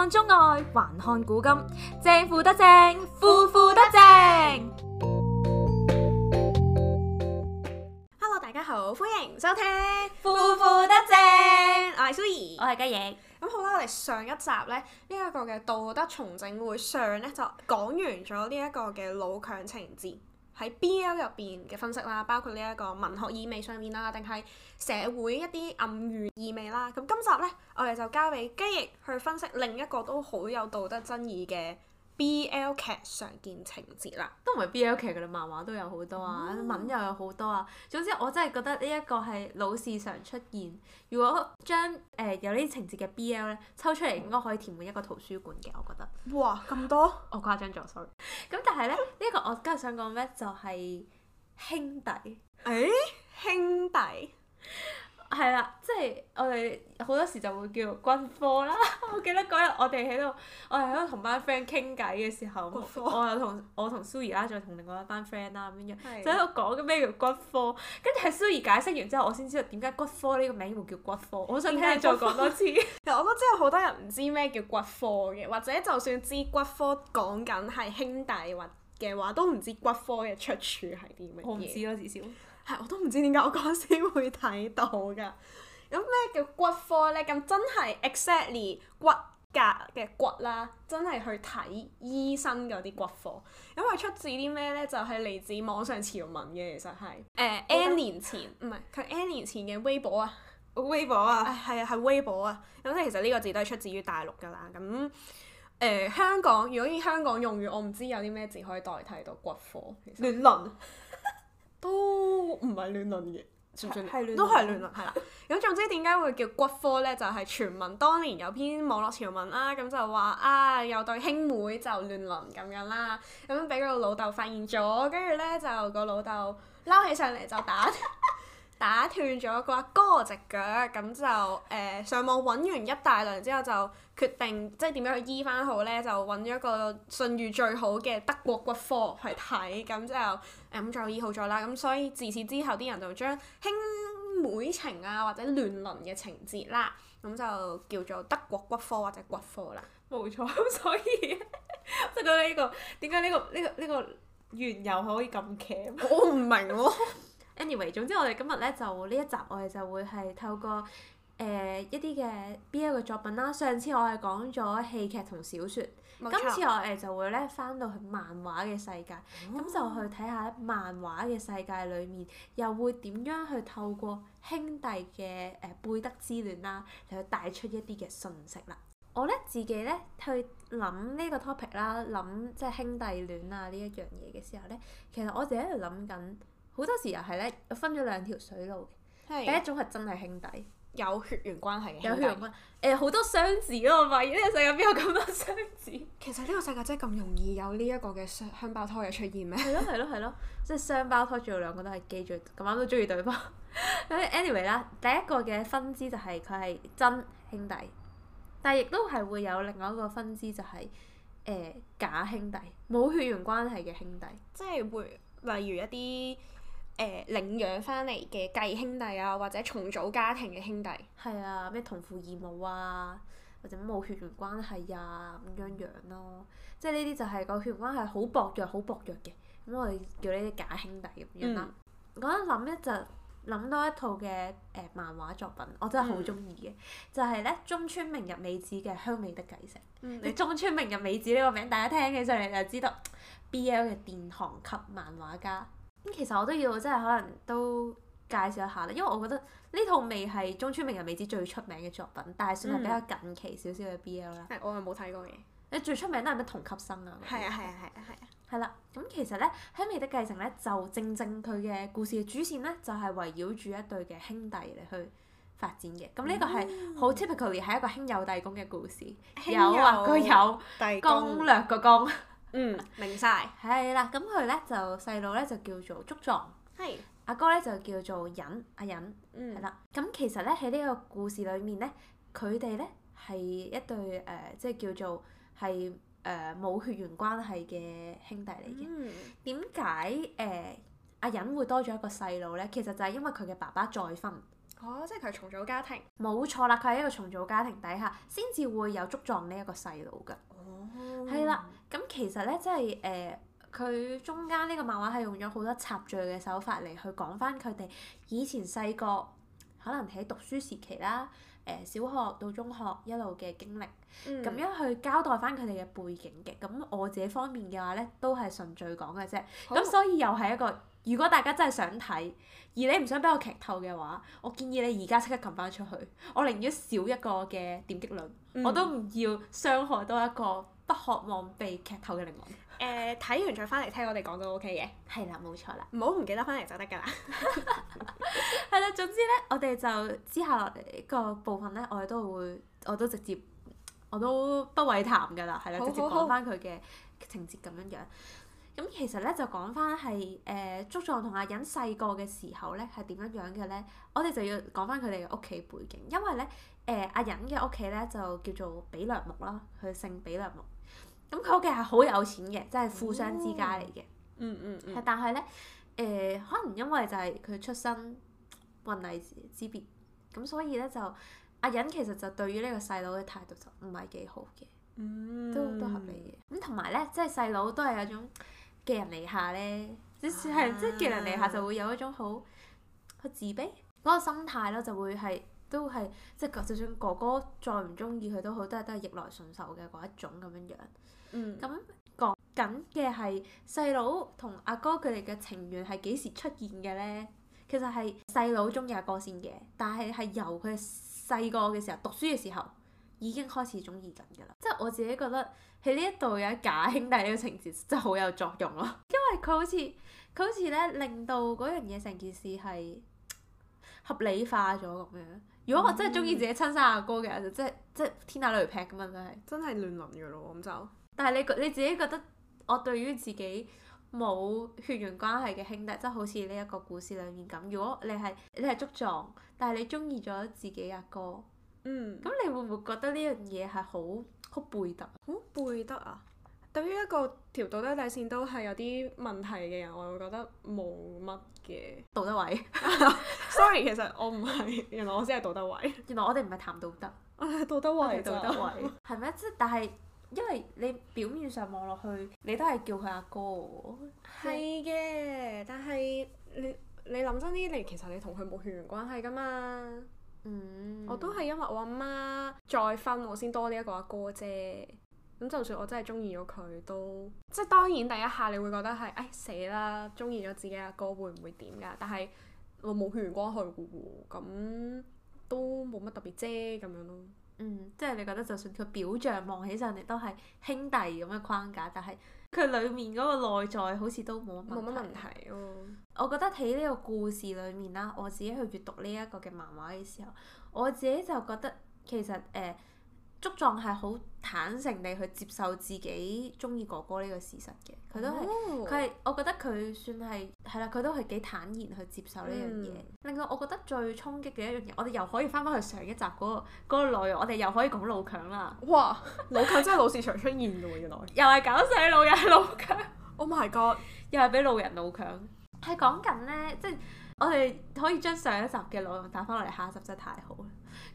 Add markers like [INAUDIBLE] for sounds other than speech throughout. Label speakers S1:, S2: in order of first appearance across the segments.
S1: 看中外，還看古今。正負得正，腐腐得正。Hello，大家好，歡迎
S2: 收聽《腐腐得正》。我係蘇兒，我係雞影。咁好啦，我哋上一集咧呢一個嘅道德重整會上咧，就講完咗呢一個嘅老強情節。喺 BL 入邊嘅分析啦，包括呢一個文學意味上面啦，定係社會一啲暗喻意味啦。咁今集呢，我哋就交俾雞翼去分析另一個都好有道德爭議嘅 B.L. 劇常見情節啦，
S1: 都唔係 B.L. 劇噶啦，漫畫都有好多啊，嗯、文又有好多啊。總之我真係覺得呢一個係老是常出現。如果將誒、呃、有呢啲情節嘅 B.L. 咧抽出嚟，應該可以填滿一個圖書館嘅，我覺得。哇！咁多？我誇張咗，sorry。咁 [LAUGHS] 但係咧，呢、這、一個我今日想講咩？就係兄弟。誒、哎，兄弟。係啦，即係我哋好多時就會叫骨科啦。 [LAUGHS] 我記得嗰日我哋喺度，我哋喺度同班 friend 傾偈嘅時候，科我有同我同 Sue 啦，再同另外一班 friend 啦咁樣，的就喺度講緊咩叫骨科。跟住係 Sue 解釋完之後，我先知道點解骨科呢個名會叫骨科。我想聽你再講多次。其實 [LAUGHS] 我都知有好多人唔知
S2: 咩叫骨科嘅，或者就算知骨科講緊係兄弟或嘅話，都唔知骨科嘅出處係啲咩。我唔知咯，至少。係，我都唔知點解我嗰時會睇到噶。咁咩叫骨科咧？咁真係 exactly 骨格嘅骨啦，真係去睇醫生嗰啲骨科。咁佢出自啲咩咧？就係、是、嚟自網上潮文嘅，其實係誒、呃、的 n 年前，唔係佢 n 年前嘅微博啊，微博啊，係、哎、啊係微博啊。咁即係其實呢個字都係出自於大陸噶啦。咁誒、呃、香港，如果以香港用語，我唔知有啲咩字可以代替到骨科。亂倫。都唔係亂倫嘅，算唔算？都係亂倫，係啦。 [LAUGHS] 咁總之點解會叫骨科咧？就係、是、傳聞，當年有篇網絡潮文啦、啊，咁就話啊，有對兄妹就亂倫咁樣啦，咁樣俾個老豆發現咗，跟住咧就個老豆嬲起上嚟就打。 [LAUGHS] [LAUGHS] 打斷咗個阿哥隻腳，咁就誒、呃、上網揾完一大輪之後，就決定即係點樣去醫翻好咧？就揾咗個信譽最好嘅德國骨科去睇，咁就誒咁就醫好咗啦。咁所以自此之後，啲人就將兄妹情啊或者亂倫嘅情節啦，咁就叫做德國骨科或者骨科啦。
S1: 冇錯，咁所以即係講呢個點解呢個呢、呢個呢、呢個緣由可以咁騎？我唔明喎。 [LAUGHS] Anyway，總之我哋今日咧就呢一集，我哋就會係透過誒、呃、一啲嘅 BL 嘅作品啦。上次我係講咗戲劇同小説，錯今次我哋就會咧返到去漫畫嘅世界，咁、哦、就去睇下漫畫嘅世界裏面又會點樣去透過兄弟嘅誒、呃、背德之戀啦，嚟帶出一啲嘅信息啦。我咧自己咧去諗呢個 topic 啦，諗即係兄弟戀啊呢一樣嘢嘅時候咧，其實我自己喺度諗緊。好多時又係咧，分咗兩條水路嘅。的第一種係真係兄弟，有血緣關係嘅兄弟。誒，好、欸、多雙子咯！我發現呢個世界邊有咁多雙
S2: 子？ [LAUGHS] 其實呢個世界真係咁容易有呢一個嘅雙雙胞胎嘅出現
S1: 咩？係咯係咯係咯，即係雙胞胎，仲有兩個都係基，仲咁啱都中意對方。咁 [LAUGHS] anyway 啦，第一個嘅分支就係佢係真兄弟，但亦都係會有另外一個分支就係、是、誒、呃、假兄弟，冇血緣關係嘅兄弟，
S2: 即係會例如一啲。誒、呃、領養翻嚟嘅繼兄弟啊，
S1: 或者重組家庭嘅兄弟，係啊，咩同父異母啊，或者冇血緣關係啊咁樣樣咯、啊，即係呢啲就係個血緣關係好薄弱，好薄弱嘅，咁我哋叫呢啲假兄弟咁樣啦、啊。嗯、我想一諗咧就諗到一套嘅誒、呃、漫畫作品，我真係好中意嘅，嗯、就係咧中村明日美子嘅《香味的繼承》嗯。你中村明日美子呢個名，大家聽起上嚟就知道 BL 嘅殿堂級漫畫家。咁其實我都要真係可能都介紹一下啦，因為我覺得呢套未係中村明日美子最出名嘅作品，嗯、但係算係比較近期少少嘅 BL 啦。我係冇睇過嘅。你最出名都係咩同級生啊？係啊係啊係啊係啊。係啦、啊，咁、啊啊、其實咧《香味的繼承》咧，就正正佢嘅故事嘅主線咧，就係、是、圍繞住一對嘅兄弟嚟去發展嘅。咁呢、嗯、個係好 typically 係一個兄友弟恭嘅故事，輕有啊佢有，有公，弟恭略個恭。嗯，明晒，係啦，咁佢呢，就細佬呢，就叫做竹壯，係是，阿哥呢，就叫做忍，阿忍，係啦、嗯，咁其實呢，喺呢個故事裏面呢，佢哋呢，係一對誒，即、呃、係、就是、叫做係誒冇血緣關係嘅兄弟嚟嘅。點解誒阿忍會多咗一個細佬呢？其實就係因為佢嘅爸爸再婚。
S2: 哦，oh，即係佢係重組家庭，
S1: 冇錯啦，佢喺一個重組家庭底下，先至會有捉狀呢一個細路噶。哦、oh.，係啦，咁其實呢，即係誒，佢、呃、中間呢個漫畫係用咗好多插敘嘅手法嚟去講翻佢哋以前細個可能喺讀書時期啦，誒、呃，小學到中學一路嘅經歷，咁、mm. 樣去交代翻佢哋嘅背景嘅。咁我這方面嘅話呢，都係順序講嘅啫。咁、oh. 所以又係一個。如果大家真係想睇，而你唔想俾我劇透嘅話，我建議你而家即刻撳翻出去。我寧願少一個嘅點擊率，嗯、我都唔要傷害多一個不渴望被劇透嘅靈魂。
S2: 誒、呃，睇完再翻嚟聽我哋講
S1: 都 OK 嘅。係啦，冇錯啦，唔好唔記得翻嚟就得㗎啦。係 [LAUGHS] 啦， [LAUGHS] 總之咧，我哋就之後呢個部分咧，我哋都會，我都直接，我都不諱談㗎啦，係啦，好好好直接講翻佢嘅情節咁樣樣。咁其實咧就講翻係誒，竹藏同阿忍細個嘅時候咧係點樣樣嘅咧？我哋就要講翻佢哋嘅屋企背景，因為咧誒、呃、阿忍嘅屋企咧就叫做比良木啦，佢姓比良木。咁佢屋企係好有錢嘅，即係富商之家嚟嘅、嗯。嗯嗯，嗯但係咧誒，可能因為就係佢出身雲泥之別，咁所以咧就阿忍其實就對於呢個細佬嘅態度就唔係幾好嘅。都、嗯、都合理嘅。咁同埋咧，即係細佬都係有種。寄人籬下咧，即是係、啊、即係寄人籬下就會有一種好，好自卑嗰、嗰個心態咯，就會係都係即係就算哥哥再唔中意佢都好，都係都係逆來順受嘅嗰一種咁樣樣。嗯，咁講緊嘅係細佬同阿哥佢哋嘅情緣係幾時出現嘅咧？其實係細佬中意阿哥先嘅，但係係由佢細個嘅時候讀書嘅時候，已經開始中意緊㗎啦，即係我自己覺得喺呢一度有假兄弟呢個情節真係好有作用咯， [LAUGHS] 因為佢好似佢好似咧令到嗰樣嘢成件事係合理化咗咁樣。如果我真係中意自己親生阿哥嘅話，就即係真係天打雷劈咁樣都係，真係亂倫㗎咯咁就。但係你你自己覺得我對於自己冇血緣關係嘅兄弟，即係好似呢一個故事裡面咁，如果你係你係捉狀，但係你中意咗自己阿哥。嗯，咁你會唔會覺得呢樣嘢係好好背德？好、嗯、背德啊！對於一個條道德底線都係有啲問
S2: 題嘅人，我會覺得冇乜嘅。道德位 s [LAUGHS] [LAUGHS] o r r y 其實我唔係，原來我先係道德位。原來我哋唔係談道德。
S1: 道德位？道德位？係咩？即係 [LAUGHS] 但係因為你表面上望落去，你都係叫佢阿哥喎。
S2: 係嘅的，嗯、但係你你諗真啲，你其實你同佢冇血緣關係噶嘛。嗯、我都係因為我阿媽再婚，我先多呢一個阿哥啫。咁就算我真係中意咗佢，都即係當然第一下你會覺得係，哎死啦，中意咗自己阿哥，哥會唔會點噶？但係我冇血緣關係，咁
S1: 都冇乜特別啫，咁樣咯。嗯、即係你覺得就算佢表象望起上嚟都係兄弟咁嘅框架，但係佢裏面嗰個內在好似都冇乜冇乜問題。我覺得喺呢個故事裏面啦，我自己去閱讀呢一個嘅漫畫嘅時候，我自己就覺得其實誒、呃，竹藏係好坦誠地去接受自己中意哥哥呢個事實嘅。佢都係，佢係、哦，我覺得佢算係係啦，佢都係幾坦然去接受呢樣嘢。另外、嗯，我覺得最衝擊嘅一樣嘢，我哋又可以翻返去上一集嗰、那個嗰個內容，我哋又可以講老強啦。哇！老強真係老是常出現嘅喎，原來。 [LAUGHS] 又係搞細路，又係老強。Oh my god！又係俾老人老強。係講緊咧，即係、就是、我哋可以將上一集嘅內容打翻落嚟，下一集真係太好啦！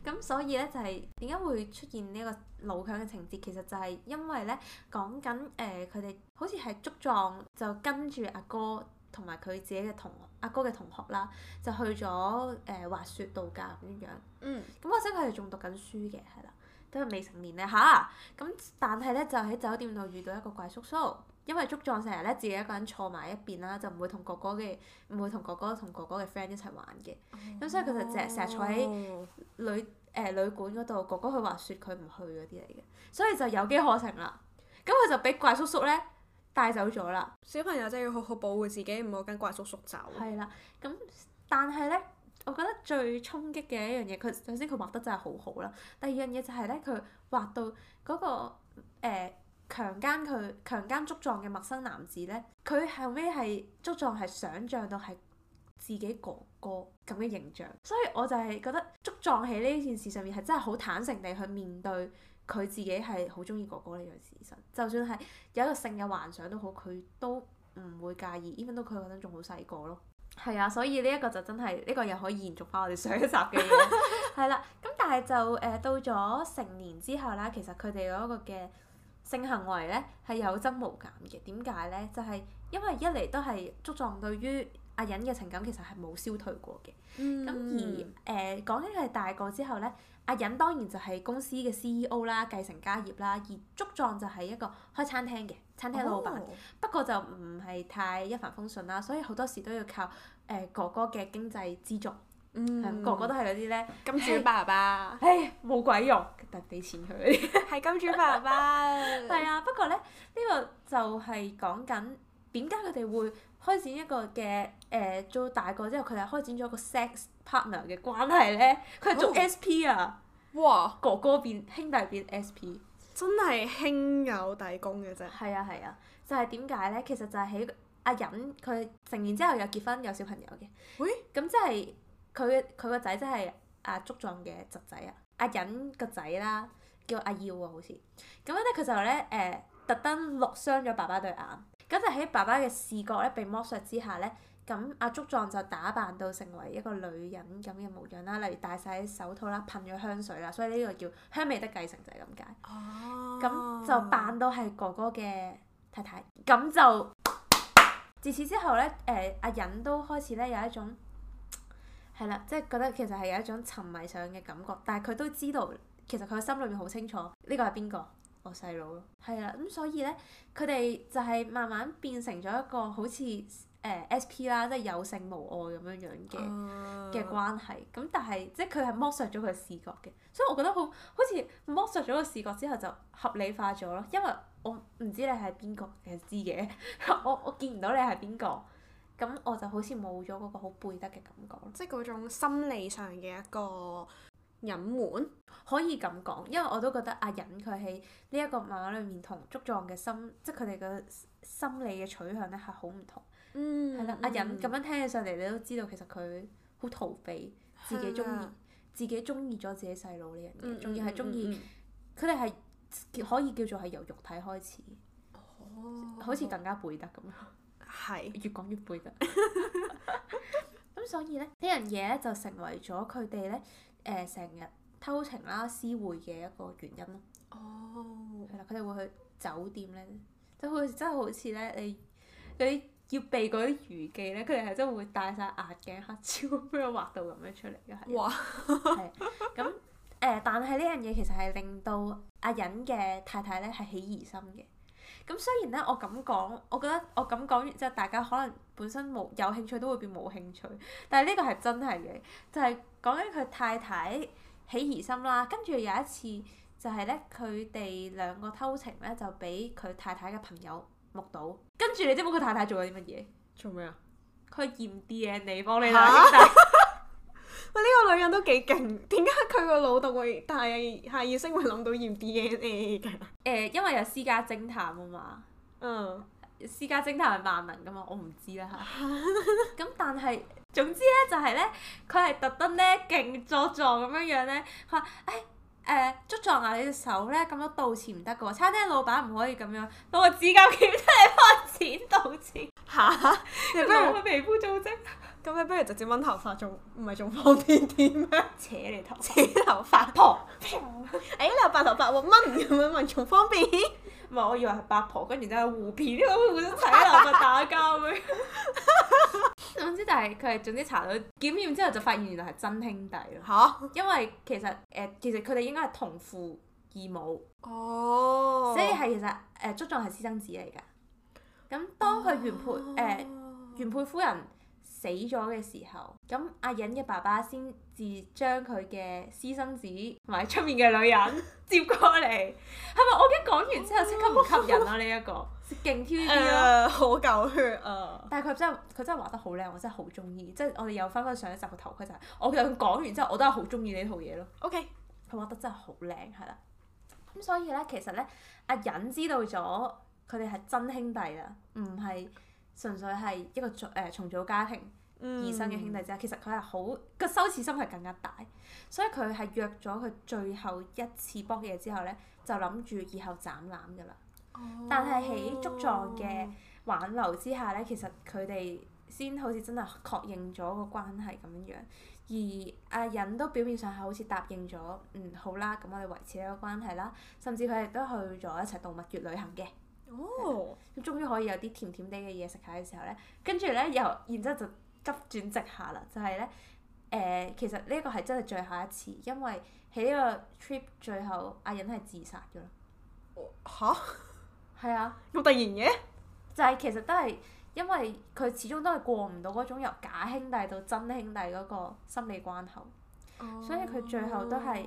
S1: 咁 [LAUGHS] 所以咧就係點解會出現呢一個老強嘅情節？其實就係因為咧講緊誒佢哋好似係足壯就跟住阿哥同埋佢自己嘅同學，阿哥嘅同學啦，就去咗誒、呃、滑雪度假咁樣樣。嗯。咁或者佢哋仲讀緊書嘅，係啦，都係未成年咧吓？咁但係咧就喺酒店度遇到一個怪叔叔。因為捉藏成日咧，自己一個人坐埋一邊啦，就唔會同哥哥嘅唔會同哥哥同哥哥嘅 friend 一齊玩嘅，咁所以佢就成成日坐喺旅誒旅館嗰度。哥哥去滑雪佢唔去嗰啲嚟嘅，所以就有機可乘啦。咁佢就俾怪叔叔咧帶走咗啦。小朋友真係要好好保護自己，唔好跟怪叔叔走。係啦，咁但係咧，我覺得最衝擊嘅一樣嘢，佢首先佢畫得真係好好啦。第二樣嘢就係咧，佢畫到嗰個誒。呃強奸佢強奸足壯嘅陌生男子咧，佢後尾係足壯係想象到係自己哥哥咁嘅形象，所以我就係覺得足壯喺呢件事上面係真係好坦誠地去面對佢自己係好中意哥哥呢樣事實，就算係有一個性嘅幻想都好，佢都唔會介意。even 都佢嗰陣仲好細個咯，係啊，所以呢一個就真係呢、呢個又可以延續翻我哋上一集嘅嘢係啦。咁、 [LAUGHS] 啊、但係就誒、呃、到咗成年之後咧，其實佢哋嗰個嘅。性行為咧係有增無減嘅，點解咧？就係、是、因為一嚟都係竹壯對於阿忍嘅情感其實係冇消退過嘅。咁、嗯、而誒、呃、講起佢大個之後咧，阿忍當然就係公司嘅 CEO 啦，繼承家業啦；而竹壯就係一個開餐廳嘅餐廳老闆，哦、不過就唔係太一帆風順啦，所以好多時都要靠誒、呃、哥哥嘅經濟資助。嗯，哥哥都係嗰啲咧金主爸爸，唉冇，欸、鬼用，但係俾錢佢嗰係金主爸爸，係 [LAUGHS] 啊。不過咧，呢、呢個就係講緊點解佢哋會開展一個嘅誒，到、呃、大個之後佢哋係開展咗個 sex partner 嘅關係咧。佢係做 SP 啊！哦、哇！哥哥變兄弟變 SP，真係兄友弟恭嘅啫。係 [LAUGHS] [LAUGHS] 啊係啊，就係點解咧？其實就係喺阿忍佢成年之後又結婚有小朋友嘅，咁即係。佢佢個仔即係阿竹壯嘅侄仔啊，阿忍個仔啦，叫阿耀啊，好似咁樣咧，佢就咧誒、呃，特登落傷咗爸爸對眼，咁就喺爸爸嘅視覺咧被剝削之下咧，咁、啊、阿竹壯就打扮到成為一個女人咁嘅模樣啦，例如戴晒手套啦，噴咗香水啦，所以呢個叫香味的繼承就係咁解。哦、啊。咁就扮到係哥哥嘅太太，咁就、啊、自此之後咧，誒、呃、阿忍都開始咧有一種。係啦，即係、就是、覺得其實係有一種沉迷上嘅感覺，但係佢都知道其實佢心裏邊好清楚呢個係邊個，我細佬咯。係啦，咁所以咧，佢哋就係慢慢變成咗一個好似誒、呃、S.P. 啦，即、就、係、是、有性無愛咁樣樣嘅嘅關係。咁但係即係佢係剝削咗佢視覺嘅，所以我覺得好好似剝削咗個視覺之後就合理化咗咯。因為我唔知你係邊個，誒知嘅，我 [LAUGHS] 我，我見唔到你係邊個。咁我就好似冇咗嗰個好背德嘅感覺，即係嗰種心理上嘅一個隱瞞，可以咁講，因為我都覺得阿忍佢喺呢一個漫畫裏面同竹藏嘅心，即係佢哋嘅心理嘅取向咧係好唔同，嗯。嗯，係啦，阿忍咁樣聽起上嚟，你都知道其實佢好逃避的，自己中意，自己中意咗自己細佬呢樣嘢，仲要係中意，佢哋係可以叫做係由肉體開始，哦，好似更加背德咁樣。係是越講越背㗎，咁所以咧呢樣嘢咧就成為咗佢哋咧誒成日偷情啦、私會嘅一個原因咯。
S2: 哦，
S1: 係啦，佢哋會去酒店咧，即係好真係好似咧你，你要避嗰啲娛記咧，佢哋係真係會戴晒眼鏡、黑超咁樣畫到咁樣出嚟嘅係。哇！係咁誒，但係呢樣嘢其實係令到阿隱嘅太太咧係起疑心嘅。咁雖然咧，我咁講，我覺得我咁講完之後，大家可能本身冇有興趣都會變冇興趣，但係呢個係真係嘅，就係講起佢太太起疑心啦，跟住有一次就係咧，佢哋兩個偷情咧，就俾佢太太嘅朋友目睹。跟住你知唔知佢太太做咗啲乜嘢？做咩啊？佢嫌啲 n a 幫你啦。喂，呢個女
S2: 人都幾勁，點解佢個腦洞會，但係下意識會諗到驗 DNA 㗎？誒、
S1: 呃，因為有私家偵探啊嘛。嗯。私家偵探係萬能噶嘛，我唔知啦嚇。咁 [LAUGHS] 但係總之咧，就係、是、咧，佢係特登咧，勁作狀咁樣樣咧，佢話誒誒，捉撞下、啊、你隻手咧，咁樣道歉唔得嘅喎。餐廳老闆唔可以咁樣攞個指甲鉗出嚟返錢道歉。
S2: 嚇哈！你口我佢皮膚組織。咁你不如直接掹頭髮，仲唔係仲方便啲
S1: 咩？扯你頭， [LAUGHS]
S2: 扯頭樓髮發婆。哎，你有白頭髮喎，掹唔掹文仲
S1: 方便？唔係，我以為係八婆，跟住之後互片，互相扯頭髮打交咁樣。 [LAUGHS] 總之、就係，就係佢係總之查到檢驗之後，就發現原來係真兄弟吓？ [LAUGHS] 因為其實誒、呃，其實佢哋應該係同父異母。哦。Oh. 所以係其實誒，足壯係私生子嚟㗎。咁當佢原配誒、呃、原配夫人，死咗嘅時候，咁阿忍嘅爸爸先至將佢嘅私生子同埋出面嘅女人 [LAUGHS] 接過嚟，係咪？我一講完之後即刻唔吸引啦、啊，呢一、 [LAUGHS] 呢個勁挑 B 咯、啊呃，好狗血啊！但係佢真係佢真係畫得好靚，我真係好中意。即、就、係、是、我哋又翻返上一集個頭盔就係、是，我佢講完之後我都係好中意呢套嘢咯。OK，佢畫得真係好靚，係啦。咁所以呢，其實呢，阿忍知道咗佢哋係真兄弟啦，唔係。純粹係一個重、呃、重組家庭
S2: 而生嘅兄弟
S1: 仔，嗯、其實佢係好個羞恥心係更加大，所以佢係約咗佢最後一次卜嘢之後咧，就諗住以後斬纜㗎啦。哦、但係喺足狀嘅挽留之下咧，其實佢哋先好似真係確認咗個關係咁樣樣。而阿忍都表面上係好似答應咗，嗯，好啦，咁我哋維持呢個關係啦。甚至佢哋都去咗一齊度蜜月旅行嘅。哦、嗯！咁終於可以有啲甜甜哋嘅嘢食下嘅時候咧，跟住咧又然之後，後就急轉直下啦，就係咧誒，其實呢一個係真係最後一次，因為喺呢個 trip 最後，阿忍係自殺咗。
S2: 嚇！
S1: 係啊！咁、 [LAUGHS] 啊、突然嘅就係其實都係因為佢始終都係過唔到嗰種由假兄弟到真兄弟嗰個心理關口，哦、所以佢最後都係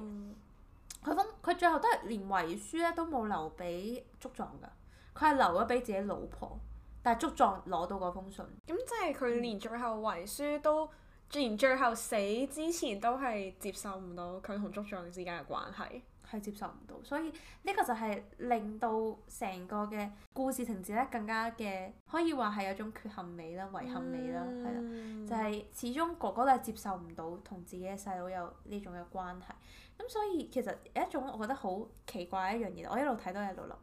S1: 佢封佢最後都係連遺書咧都冇留俾祝狀噶。佢係留咗俾自己老婆，但係祝狀攞到嗰封信，
S2: 咁即係佢連最後遺書都，嗯、連最後死之前都係
S1: 接受唔到佢同祝狀之間嘅關係，係接受唔到，所以呢個就係令到成個嘅故事情節咧更加嘅，可以話係有種缺陷美啦、遺憾美啦，係啦、嗯，就係、是、始終哥哥都係接受唔到同自己嘅細佬有呢種嘅關係，咁所以其實有一種我覺得好奇怪一樣嘢，我一路睇到一路諗。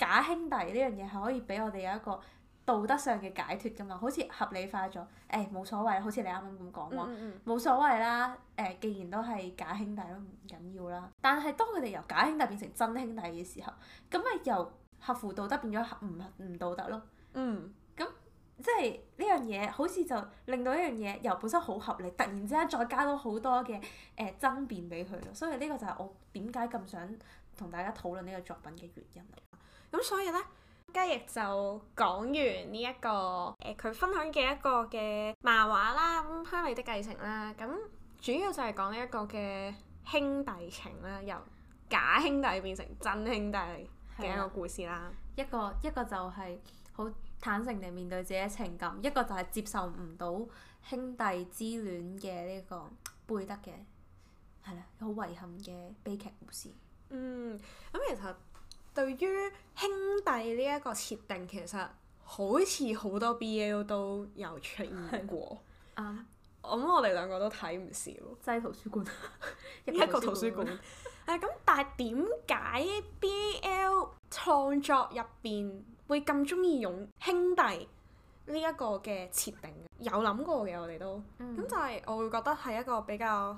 S1: 假兄弟呢樣嘢係可以俾我哋有一個道德上嘅解脫㗎嘛？好似合理化咗，誒、哎、冇所謂，好似你啱啱咁講喎，冇、嗯嗯、所謂啦。誒、呃，既然都係假兄弟都唔緊要啦。但係當佢哋由假兄弟變成真兄弟嘅時候，咁咪由合乎道德變咗合唔唔道德咯。嗯，咁即係呢樣嘢，好似就令到一樣嘢由本身好合理，突然之間再加多好多嘅誒爭辯俾佢咯。所以呢個就係我點解咁想同大家討論呢個作品嘅原因。
S2: 咁所以呢，今日亦就講完呢、這個呃、一個誒，佢分享嘅一個嘅漫畫啦，咁《香味》的繼承啦。咁主要就係講呢一個嘅兄弟情啦，由假兄弟變成真兄弟嘅一個故
S1: 事啦。一個一個就係好坦誠地面對自己嘅情感，一個就係接受唔到兄弟之戀嘅呢個背德嘅，係啦，好遺憾嘅悲劇故事。
S2: 嗯，咁其實。對於兄弟呢一個設定，其實好似好多 BL 都有出現過。啊，咁我哋兩個都睇唔少。即係圖書館， [LAUGHS] 一個圖書館。誒，咁、 [LAUGHS] [LAUGHS] 啊、但係點解 BL 創作入邊會咁中意用兄弟呢一個嘅設定？ [LAUGHS] 有諗過嘅，我哋都。咁就係我會覺得係一個比較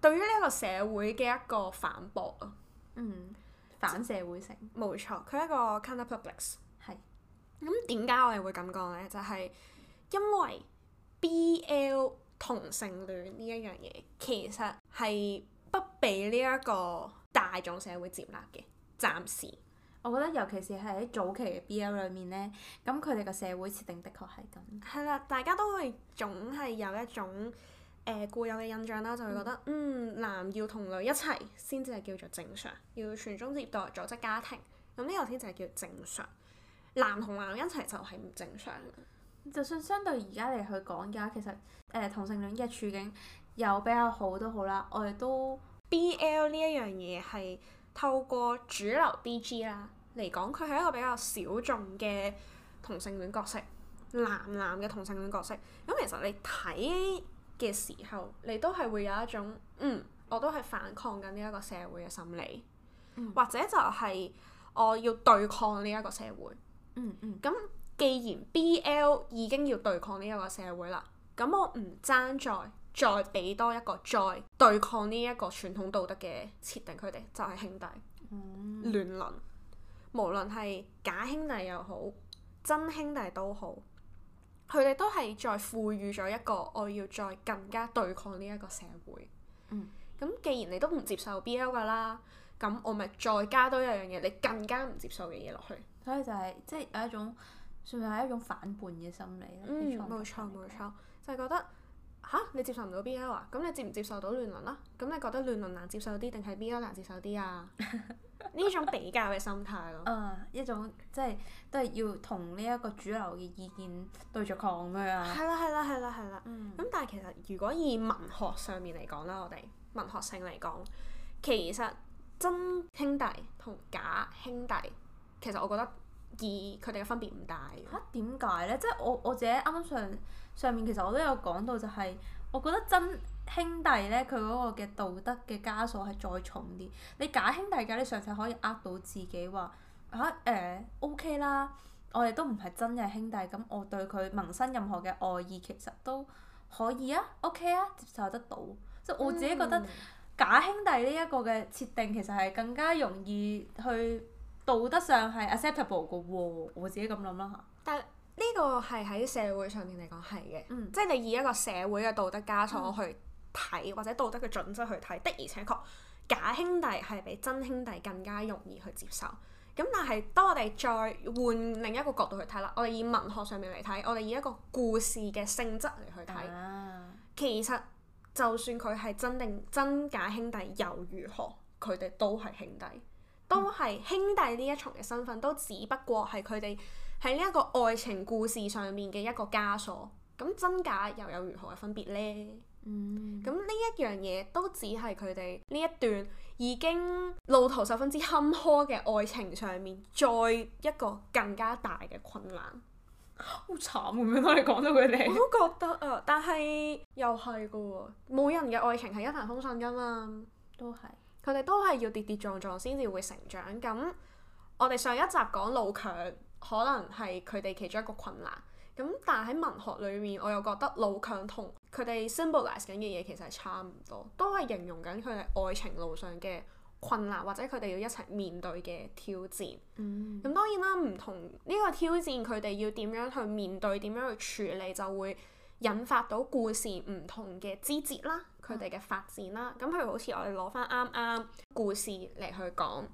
S2: 對於呢個社會嘅一個反駁咯。嗯。反社會性，冇錯，佢一個 counterpublics，kind of 係。咁點解我哋會咁講呢？就係因為 B L 同性戀呢一樣嘢，其實係不被呢一個大眾社會接納嘅，暫時。
S1: 我覺得尤其是係喺早期嘅 B L 裡面呢，咁佢哋個社會設定的確係咁。係
S2: 啦，大家都會總係有一種。誒、呃、固有嘅印象啦，就會覺得嗯，嗯，男要同女一齊先至係叫做正常，要傳宗接代、組織家庭，咁呢個先就係叫正常。男同男一齊就係唔正常。
S1: 就算相對而家嚟去講嘅話，其實誒、呃、同性戀嘅處境又比較好都好啦。我哋都 B L 呢一樣嘢係透過主流 B G
S2: 啦嚟講，佢係一個比較小眾嘅同性戀角色，男男嘅同性戀角色。咁其實你睇嘅時候，你都係會有一種，嗯，我都係反抗緊呢一個社會嘅心理，嗯、或者就係我要對抗呢一個社會。咁、嗯嗯、既然 BL 已經要對抗呢一個社會啦，咁我唔爭再再俾多一個再對抗呢一個傳統道德嘅設定，佢哋就係、是、兄弟亂倫、嗯，無論係假兄弟又好，真兄弟都好。佢哋都係再賦予咗一個我要再更加對抗呢一個社會。咁、嗯、既然你都唔接受 BL 噶啦，咁我咪再加多一樣嘢，你更加唔接受嘅嘢落去。
S1: 所以就係即係有一種，算唔算係一種反叛嘅心理
S2: 冇、嗯、錯冇錯，就係、是、覺得吓，你接受唔到 BL 啊？咁你接唔接受到亂倫啊？
S1: 咁你覺得亂倫難接受啲定係 BL 難接受啲啊？ [LAUGHS]
S2: 呢 [LAUGHS] 種比較嘅心
S1: 態咯，uh, 一種即係、就是、都係要同呢一個主流嘅意見對着抗咁樣啊。
S2: 係啦，係 [NOISE] 啦樂，係啦，係 [NOISE] 啦樂。咁、 [MUSIC] 嗯、但係其實如果以文學上面嚟講啦，我哋文學性嚟講，其實真兄弟同假兄
S1: 弟，其實我覺得以佢哋嘅分別唔大。嚇、啊？點解呢？即係我我自己啱啱上上面，其實我都有講到、就是，就係我覺得真兄弟咧，佢嗰個嘅道德嘅枷鎖係再重啲。你假兄弟嘅，你尚且可以呃到自己話嚇誒 OK 啦，我哋都唔係真嘅兄弟，咁我對佢萌生任何嘅愛意，其實都可以啊，OK 啊，接受得到。即係、嗯、我自己覺得假兄弟呢一個嘅設定，其實係更加容易去道德上係 acceptable 嘅喎。我自己咁諗啦，但
S2: 係呢個係喺社會上面嚟講係嘅，嗯、即係你以一個社會嘅道德枷鎖去、嗯。睇或者道德嘅準則去睇的，而且確假兄弟係比真兄弟更加容易去接受。咁但係當我哋再換另一個角度去睇啦，我哋以文學上面嚟睇，我哋以一個故事嘅性質嚟去睇，啊、其實就算佢係真定真假兄弟又如何，佢哋都係兄弟，都係兄弟呢一重嘅身份，嗯、都只不過係佢哋喺呢一個愛情故事上面嘅一個枷鎖，咁真假又有如何嘅分別咧？嗯，咁呢一樣嘢都只係佢哋呢一段已經路途十分之坎坷嘅愛情上面再一個更加大嘅困難， [NOISE] 好慘咁樣可以講到佢哋，我都覺得啊，但係又係噶，每人嘅愛情係一帆風順噶嘛，都係是，佢哋都係要跌跌撞撞先至會成長。咁我哋上一集講老強，可能係佢哋其中一個困難。咁但喺文學裏面，我又覺得老強同佢哋 symbolize 緊嘅嘢其實係差唔多，都係形容緊佢哋愛情路上嘅困難或者佢哋要一齊面對嘅挑戰。咁、嗯、當然啦，唔同呢個挑戰佢哋要點樣去面對，點樣去處理，就會引發到故事唔同嘅枝節啦，佢哋嘅發展啦。咁、嗯、譬如好似我哋攞翻啱啱故事嚟去講，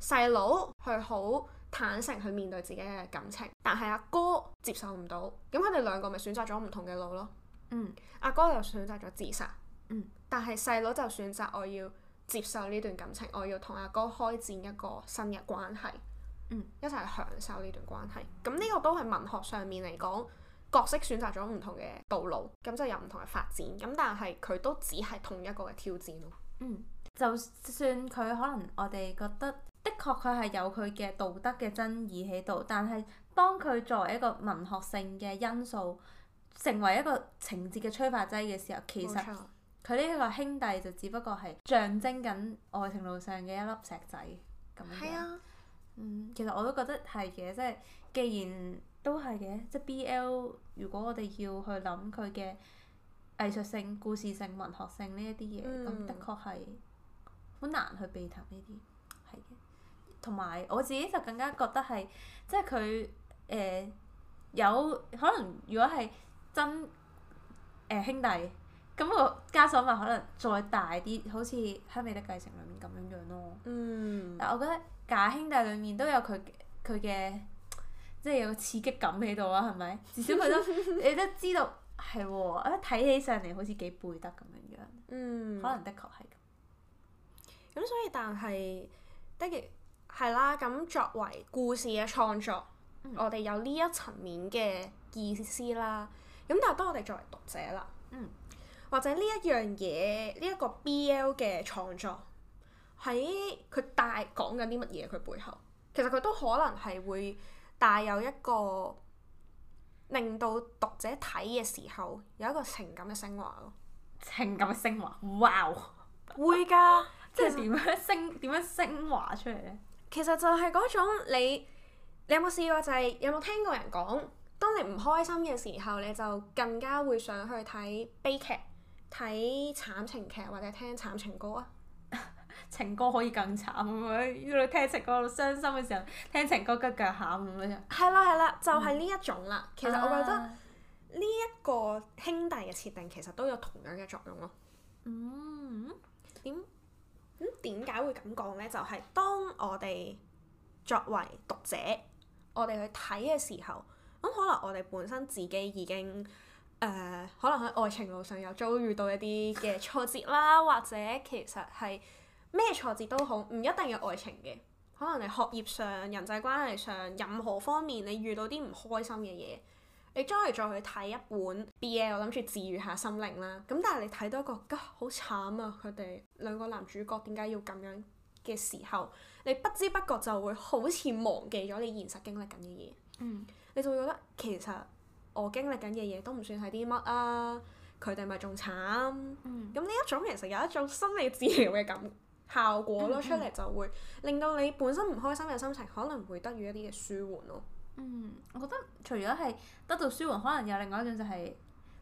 S2: 細佬佢好，弟弟坦誠去面對自己嘅感情，但係阿哥接受唔到，咁佢哋兩個咪選擇咗唔同嘅路咯。嗯，阿哥又選擇咗自殺。嗯，但係細佬就選擇我要接受呢段感情，我要同阿哥開展一個新嘅關係。嗯，一齊享受呢段關係。咁呢個都係文學上面嚟講，角色選擇咗唔同嘅道路，咁就有唔同嘅發展。咁但係佢都只係同一個嘅
S1: 挑戰咯。嗯，就算佢可能我哋覺得。的確佢係有佢嘅道德嘅爭議喺度，但係當佢作為一個文學性嘅因素，成為一個情節嘅催化劑嘅時候，其實佢呢一個兄弟就只不過係象徵緊愛情路上嘅一粒石仔咁樣。係啊，嗯，其實我都覺得係嘅，即係既然都係嘅，即 BL，如果我哋要去諗佢嘅藝術性、故事性、文學性呢一啲嘢，咁、嗯，的確係好難去避談呢啲，係嘅。同埋我自己就更加覺得係，即係佢誒有可能如果係真誒、呃、兄弟，咁、那個家產咪可能再大啲，好似《香味的繼承》裡面咁樣樣咯。嗯。但我覺得假兄弟裡面都有佢佢嘅，即係有刺激感喺度啊？係咪？至少佢都 [LAUGHS] 你都知道係喎，啊睇、哦、起上嚟好似幾背德咁樣樣。嗯。可能的確係。
S2: 咁、嗯、所以但係的其。係啦，咁作為故事嘅創作，嗯、我哋有呢一層面嘅意思啦。咁但係當我哋作為讀者啦，嗯，或者呢一樣嘢，呢、這、一個 BL 嘅創作，喺佢帶講緊啲乜嘢？佢背後，其實佢都可能係會帶有一個令到讀者睇嘅時候有一個情感嘅升華咯。
S1: 情感嘅升華，哇！
S2: 會噶的， [LAUGHS] 即係點樣升？點 [LAUGHS] 樣升華出嚟咧？其實就係嗰種你，你有冇試過就係有冇聽過人講，當你唔開心嘅時候，你就更加會想去睇悲劇、睇慘情劇或者聽慘情歌啊？ [LAUGHS] 情歌可以更慘，係咪？一路聽情歌，傷心嘅時候聽情歌吉腳腳喊咁樣。係啦係啦，就係、係、呢一種啦。嗯、其實我覺得呢一個兄弟嘅設定其實都有同樣嘅作用咯、嗯。嗯，點？咁點解會咁講咧？就係、是、當我哋作為讀者，我哋去睇嘅時候，咁可能我哋本身自己已經誒、呃，可能喺愛情路上又遭遇到一啲嘅挫折啦，或者其實係咩挫折都好，唔一定係愛情嘅，可能你學業上、人際關係上任何方面，你遇到啲唔開心嘅嘢。你將來去睇一本 BL，我諗住治愈下心靈啦。咁但係你睇到一個，啊好慘啊！佢哋兩個男主角點解要咁樣嘅時候，你不知不覺就會好似忘記咗你現實經歷緊嘅嘢。嗯。你就會覺得其實我經歷緊嘅嘢都唔算係啲乜啊，佢哋咪仲慘。嗯。咁呢一種其實有一種心理治療嘅感效果咯，出嚟就會令到你本身唔開心嘅心情
S1: 可能會得到一啲嘅舒緩咯。嗯，我覺得除咗係得到舒緩，可能有另外一種就係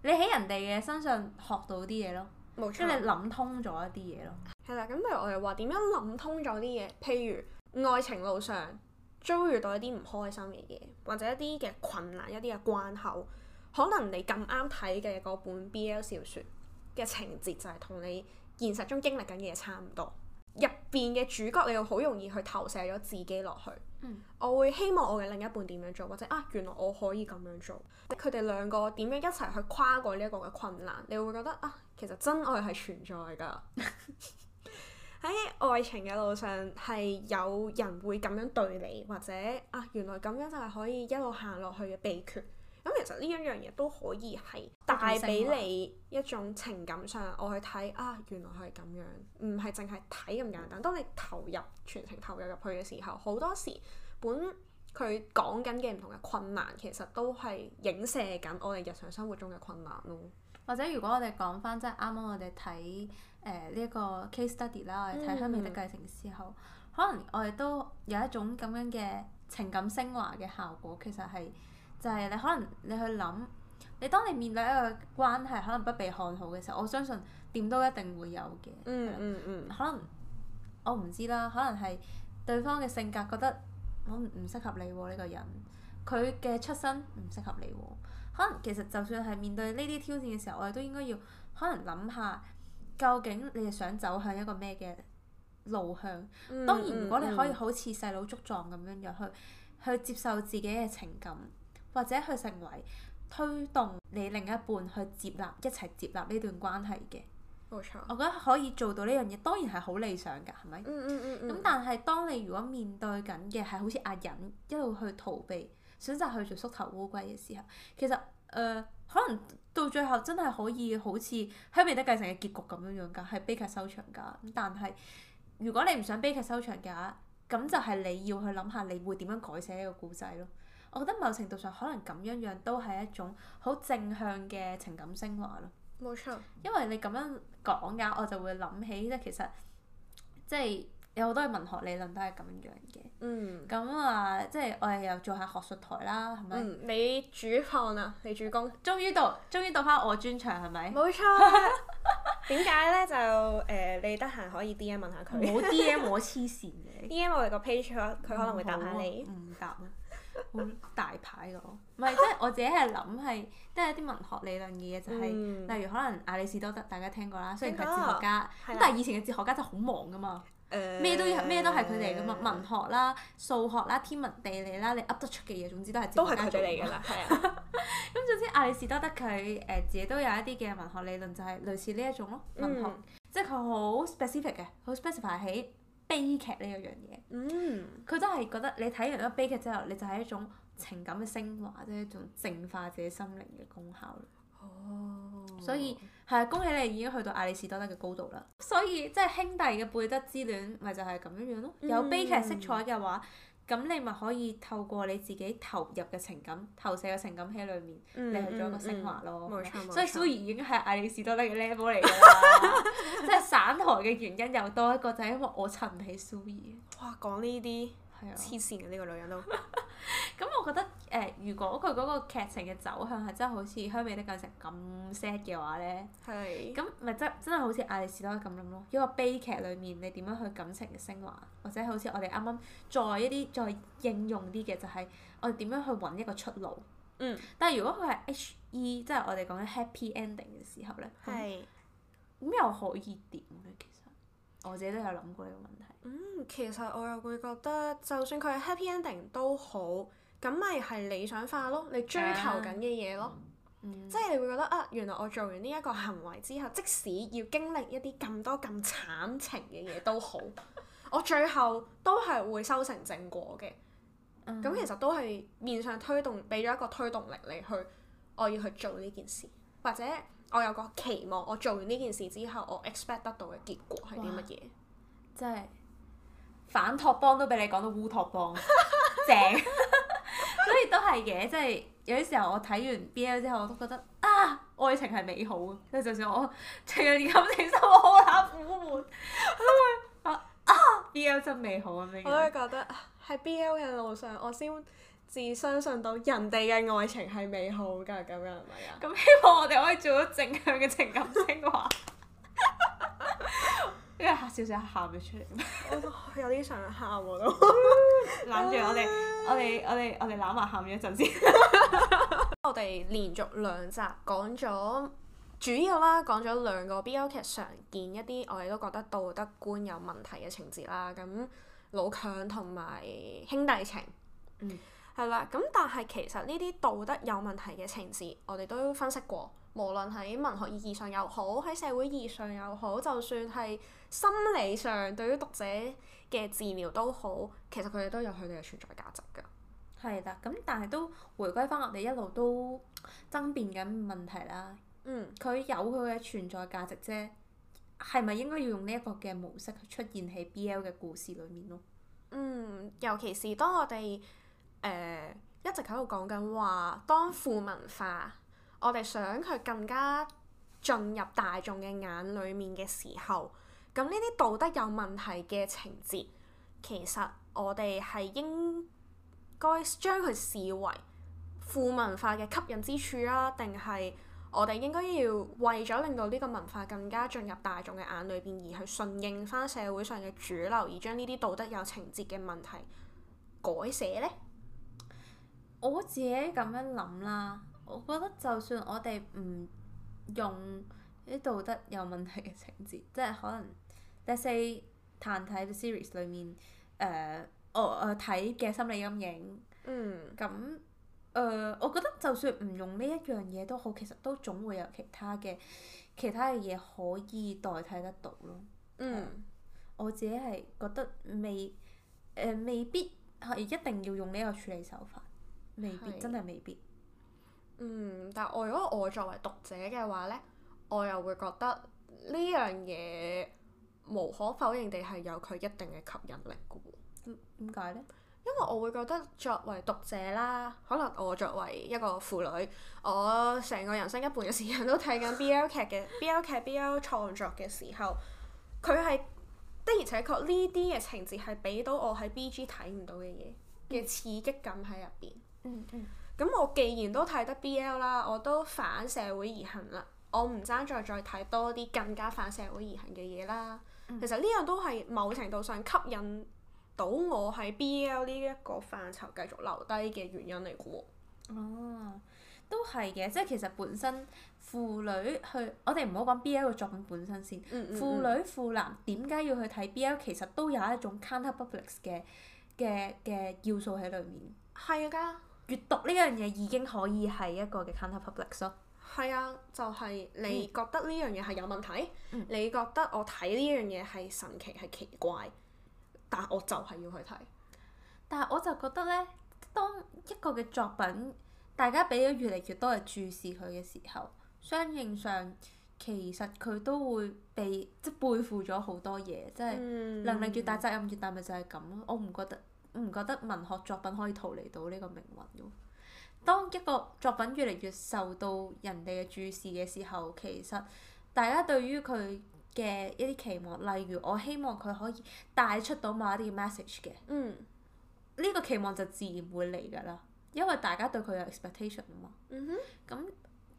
S1: 你喺人哋嘅身上學到啲嘢咯，即係冇錯，你諗通咗一啲嘢咯。
S2: 係啦、嗯，咁、嗯、譬如我哋話點樣諗通咗啲嘢，譬如愛情路上遭遇到一啲唔開心嘅嘢，或者一啲嘅困難、一啲嘅關口，可能你咁啱睇嘅嗰本 BL 小説嘅情節就係同你現實中經歷緊嘅嘢差唔多，入邊嘅主角你又好容易去投射咗自己落去。我會希望我嘅另一半點樣做，或者啊，原來我可以咁樣做。佢哋兩個點樣一齊去跨過呢一個嘅困難，你會覺得啊，其實真愛係存在噶。喺 [LAUGHS] 愛情嘅路上，係有人會咁樣對你，或者啊，原來咁樣就係可以一路行落去嘅秘訣。咁其實呢一樣嘢都可以係帶俾你一種情感上，我去睇啊，原來係咁樣，唔係淨係睇咁簡單。當你投入全程投入入去嘅時候，好多時本佢講緊嘅唔同嘅困難，其實都係影射緊我哋日常生活中嘅困難咯。
S1: 或者如果我哋講翻即係啱啱我哋睇誒呢個 case study 啦，我哋睇《香蜜的繼承》嘅時候，嗯嗯、可能我哋都有一種咁樣嘅情感升華嘅效果，其實係。就係你可能你去諗，你當你面對一個關係可能不被看好嘅時候，我相信點都一定會有嘅、嗯。嗯嗯嗯。可能我唔知啦，可能係對方嘅性格覺得我唔適合你喎。呢個人，佢嘅出身唔適合你喎。可能其實就算係面對呢啲挑戰嘅時候，我哋都應該要可能諗下究竟你係想走向一個咩嘅路向？嗯嗯、當然，如果你可以好似細佬捉狀咁樣樣去去接受自己嘅情感。或者去成為推動你另一半去接納一齊接納呢段關係嘅，冇錯。我覺得可以做到呢樣嘢，當然係好理想㗎，係咪？咁、嗯嗯嗯、但係當你如果面對緊嘅係好似阿忍一路去逃避，選擇去做縮頭烏龜嘅時候，其實誒、呃、可能到最後真係可以好似《香味》得繼承嘅結局咁樣樣㗎，係悲劇收場㗎。咁但係如果你唔想悲劇收場嘅話，咁就係你要去諗下你會點樣改寫呢個故仔咯。我覺得某程度上可能咁樣樣都係一種好正向嘅情感昇華咯。冇錯，因為你咁樣講啊，我就會諗起即係其實即係有好多嘅文學理論都係咁樣嘅。嗯。咁啊、嗯，即係我哋又做下學術台啦，係咪、嗯？你主創啊，你主攻，終於到，終於到翻我專場係咪？冇錯。點解咧？就誒、
S2: 呃，你得閒可以 DM 問下
S1: 佢。冇 DM 我黐線
S2: 嘅，DM 我哋個 page 佢可能會答下你。唔
S1: 答。好大牌嘅。唔係，即係我自己係諗係都係一啲文學理論嘅嘢，就係、是嗯、例如可能亞里士多德大家聽過啦，雖然佢係哲學家，咁、嗯、但係以前嘅哲學家真係好忙噶嘛，咩、嗯、都咩都係佢哋嘅嘛，文學啦、數學啦、天文地理啦，你噏得出嘅嘢，總之都係哲學家做嚟㗎啦，係 [LAUGHS] 啊。咁 [LAUGHS] [LAUGHS] 總之亞里士多德佢誒、呃、自己都有一啲嘅文學理論，就係類似呢一種咯，文學，嗯、即係佢好 specific 嘅，好 specific 起。悲劇呢一樣嘢，佢真係覺得你睇完咗悲劇之後，你就係一種情感嘅升華，即係一種淨化自己心靈嘅功效、哦、所以係啊，恭喜你已經去到亞里士多德嘅高度啦。所以即係、就是、兄弟嘅背德之戀，咪就係、是、咁樣樣咯。有悲劇色彩嘅話。嗯咁你咪可以透過你自己投入嘅情感，嗯、投射嘅情感喺裏面，你去做一個昇華咯。嗯嗯、所以，所以 [LAUGHS] Sue 已經係亞里士多德嘅 level 嚟㗎啦。 [LAUGHS] [LAUGHS] 即係散台嘅原因又多一個，就係、是、因為我襯唔起 Sue。 [LAUGHS] 哇的！講呢啲黐線嘅呢個女人都～ [LAUGHS] 咁我覺得誒、呃，如果佢嗰個劇情嘅走向係真係好似《香味是的繼承》咁 sad 嘅話咧，咁咪真真係好似亞里士多德咁諗咯。一個悲劇裏面，你點樣去感情嘅升華，或者好似我哋啱啱再一啲再應用啲嘅，就係我哋點樣去揾一個出路。嗯、但係如果佢係 H E，即係我哋講緊 happy ending 嘅時候咧，咁是又可以點咧？其實我自己都有諗過呢個問題。嗯，其實我又會覺得，就算佢係 happy
S2: ending 都好，咁咪係理想化咯，你追求緊嘅嘢咯，yeah. mm
S1: hmm.
S2: 即係你會覺得啊，原來我做完呢一個行為之後，即使要經歷一啲咁多咁慘情嘅嘢都好， [LAUGHS] 我最後都係會收成正果嘅。咁、mm hmm. 其實都係面上推動，俾咗一個推動力你去，我要去做呢件事，或者我有個期望，我做完呢件事之後，我 expect 得到嘅結
S1: 果係啲乜嘢，即係。就是反托邦都俾你講到烏托邦， [LAUGHS] 正， [LAUGHS] 所以都係嘅。即係有啲時候我睇完 BL 之後我都覺得啊，愛情係美好。即係就算我成感情生活好冷苦悶， [LAUGHS] 我都會啊 BL 真美好，咁我都
S2: 覺得喺 BL 嘅路上，我先至相信到人哋嘅愛情係美好㗎。咁樣係咪啊？
S1: 咁希望我哋可以做到正向嘅情感昇華。 [LAUGHS] 跟住少少喊咗出
S2: 嚟， [LAUGHS] 我都有啲想喊喎都，
S1: 攬住我哋，我哋我哋我哋攬埋喊一陣先。我哋 [LAUGHS] [LAUGHS] 連續兩
S2: 集講咗主要啦，講咗兩個 BL 劇常見一啲我哋都覺得道德觀有問題嘅情節啦。咁老強同埋兄弟情，嗯，係啦。咁但係其實呢啲道德有問題嘅情節，我哋都分析過，無論喺文學意義上又好，喺社會意義上又好，就算係，心理上對於讀者嘅治療都好，其實佢哋都有佢哋嘅存
S1: 在價值㗎。係啦，咁但係都回歸翻我哋一路都爭辯緊問題啦。嗯，佢有佢嘅存在價值啫，係咪應該要用呢一個嘅模式出現喺 BL 嘅故事裡面咯？嗯，
S2: 尤其是
S1: 當我哋誒、呃、一直喺度講緊話當腐文化，
S2: 我哋想佢更加進入大眾嘅眼裏面嘅時候。咁呢啲道德有問題嘅情節，其實我哋係應該將佢視為腐文化嘅吸引之處啊？定係我哋應該要為咗令到呢個文化更加進入大眾嘅眼裏邊，而去順應翻社會上嘅主流，而將呢啲道德有情節嘅問題改
S1: 寫咧？我自己咁樣諗啦，我覺得就算我哋唔用啲道德有問題嘅情節，即係可能。第四彈睇 series 裏面誒，我誒睇嘅心理陰影。嗯，咁誒、呃，我覺得就算唔用呢一樣嘢都好，其實都總會有其他嘅其他嘅嘢可以代替得到咯。嗯、呃，我自己係覺得未誒、呃，未必係一定要用呢個處理手法，未必是真係未必。嗯，
S2: 但係我如果我作為讀者嘅話咧，我又會覺得呢樣嘢。無可否認地係有佢一定嘅吸引力
S1: 嘅喎，點解
S2: 咧？因為我會覺得作為讀者啦，可能我作為一個婦女，我成個人生一半嘅時間都睇緊 BL 劇嘅 [LAUGHS] ，BL 劇 BL 創作嘅時候，佢係的而且確呢啲嘅情節係俾到我喺 BG 睇唔到嘅嘢嘅刺激感喺入邊。嗯嗯。咁我既然都睇得 BL 啦，我都反社會而行啦，我唔爭再再睇多啲更加反社會而行嘅嘢啦。其實呢樣都係某程度上吸引到我喺 BL 呢一個範疇繼續留低嘅原因嚟嘅
S1: 喎。哦、啊，都係嘅，即係其實本身腐女去，我哋唔好講 BL 嘅作品本身先。嗯嗯嗯，腐女、腐男點解要去睇 BL？其實都有一種 counterpublics 嘅嘅嘅要素喺裏面。係㗎的。閱讀呢樣嘢已經可以係一個嘅 counterpublics 咯。
S2: 係啊，就係、是、你覺得呢樣嘢係有問題，嗯、你覺得我睇呢樣
S1: 嘢係神奇係奇怪，但我就係要去睇。但係我就覺得呢，當一個嘅作品，大家俾咗越嚟越多嘅注視佢嘅時候，相應上其實佢都會被即背負咗好多嘢，即係能力越大責任越大咪就係咁咯。嗯、我唔覺得唔覺得文學作品可以逃離到呢個命運咯。當一個作品越嚟越受到人哋嘅注視嘅時候，其實大家對於佢嘅一啲期望，例如我希望佢可以帶出到某一啲 message 嘅，呢、嗯、個期望就自然會嚟㗎啦。因為大家對佢有 expectation 啊嘛。嗯哼。咁，